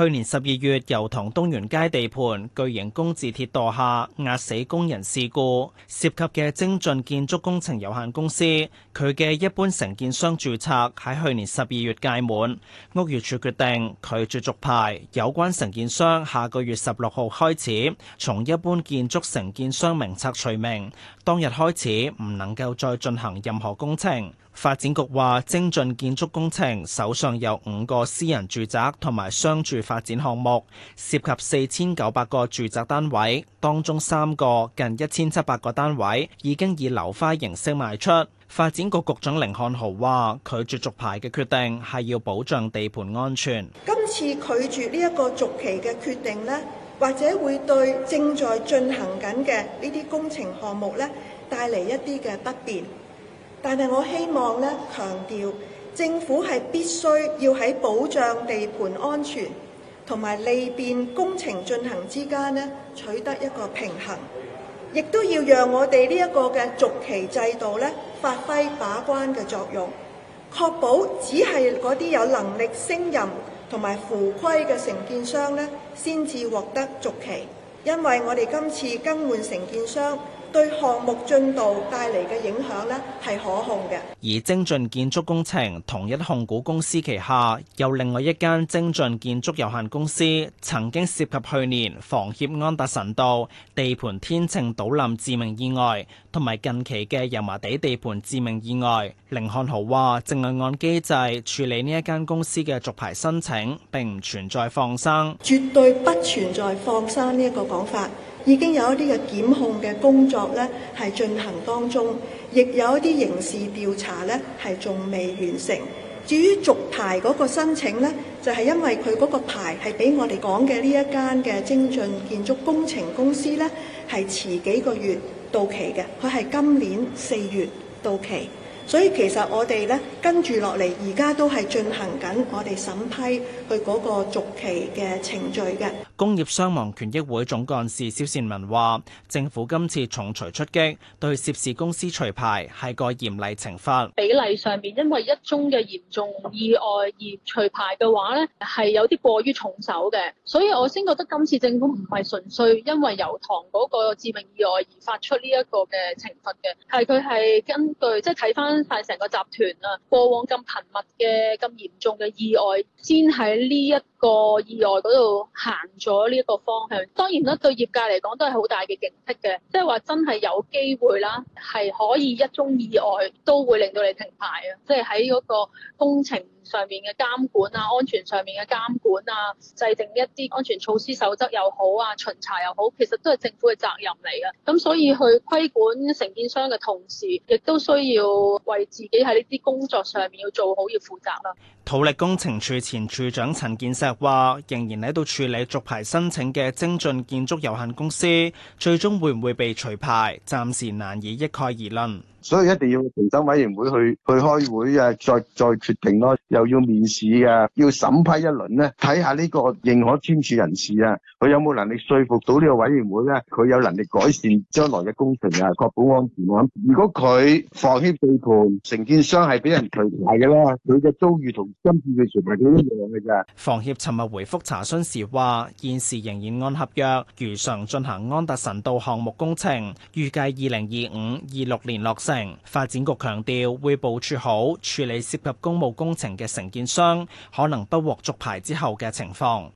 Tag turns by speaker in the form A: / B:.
A: 去年十二月，油塘東源街地盤巨型工字鐵墮下，壓死工人事故，涉及嘅精進建築工程有限公司，佢嘅一般承建商註冊喺去年十二月屆滿，屋宇署決定拒絕續牌，有關承建商下個月十六號開始，從一般建築承建商名冊除名，當日開始唔能夠再進行任何工程。發展局話，精進建築工程手上有五個私人住宅同埋商住。發展項目涉及四千九百個住宅單位，當中三個近一千七百個單位已經以樓花形式賣出。發展局局長甯漢豪話，拒絕續牌嘅決定係要保障地盤安全。
B: 今次拒絕呢一個續期嘅決定呢，或者會對正在進行緊嘅呢啲工程項目呢，帶嚟一啲嘅不便，但係我希望呢，強調，政府係必須要喺保障地盤安全同埋利便工程進行之間呢，取得一個平衡，亦都要讓我哋呢一個嘅續期制度咧，發揮把關嘅作用，確保只係嗰啲有能力、勝任同埋符規嘅承建商咧，先至獲得續期。因為我哋今次更換承建商，對項目進度帶嚟嘅影響咧，係可控嘅。
A: 而精進建築工程同一控股公司旗下有另外一間精進建築有限公司，曾經涉及去年房協安達神道地盤天秤倒冧致命意外，同埋近期嘅油麻地地盤致命意外。凌漢豪話：正係按機制處理呢一間公司嘅續牌申請，並唔存在放生，
B: 絕對不存在放生呢一個講法。已經有一啲嘅檢控嘅工作咧係進行當中，亦有一啲刑事調查咧係仲未完成。至於續牌嗰個申請咧，就係、是、因為佢嗰個牌係俾我哋講嘅呢一間嘅精進建築工程公司咧，係遲幾個月到期嘅，佢係今年四月到期。所以其實我哋咧跟住落嚟，而家都係進行緊我哋審批去嗰個續期嘅程序嘅。
A: 工業傷亡權益會總幹事肖善文話，政府今次重錘出擊，對涉事公司除牌係個嚴厲懲罰的
B: 比例上
C: 面，因為一宗嘅嚴重意外而除牌嘅話咧，係有啲過於重手嘅，所以我先覺得今次政府唔係純粹因為油塘嗰個致命意外而發出呢一個嘅懲罰嘅，係佢係根據即係睇翻。快成個集團啊！過往咁頻密嘅、咁嚴重嘅意外，先喺呢一個意外嗰度行咗呢一個方向。當然啦，對業界嚟講都係好大嘅警惕嘅，即係話真係有機會啦，係可以一宗意外都會令到你停牌啊！即係喺嗰個工程上面嘅監管啊、安全上面嘅監管啊、制定一啲安全措施守則又好啊、巡查又好，其實都係政府嘅責任嚟嘅。咁所以去規管承建商嘅同時，亦都需要。為自己喺呢啲工作上面要做好，要負責啦。
A: 土力工程處前處長陳建石話：仍然喺度處理續牌申請嘅精進建築有限公司，最終會唔會被除牌？暫時難以一概而論。
C: 所以一定要評審委員會去去開會啊，再再決定咯又要面試啊，要審批一輪呢。睇下呢個認可簽署人士啊，佢有冇能力說服到呢個委員會咧？佢有能力改善將來嘅工程啊，確保安全啊。如果佢放血地盤，承建商係俾人除牌嘅啦，佢嘅遭遇同。今住嘅全部都一樣嘅咋？
A: 房協尋日回複查詢時話，現時仍然按合約如常進行安達臣道項目工程預計，預計二零二五、二六年落成。發展局強調會部署好處理涉及公務工程嘅承建商可能不獲續牌之後嘅情況。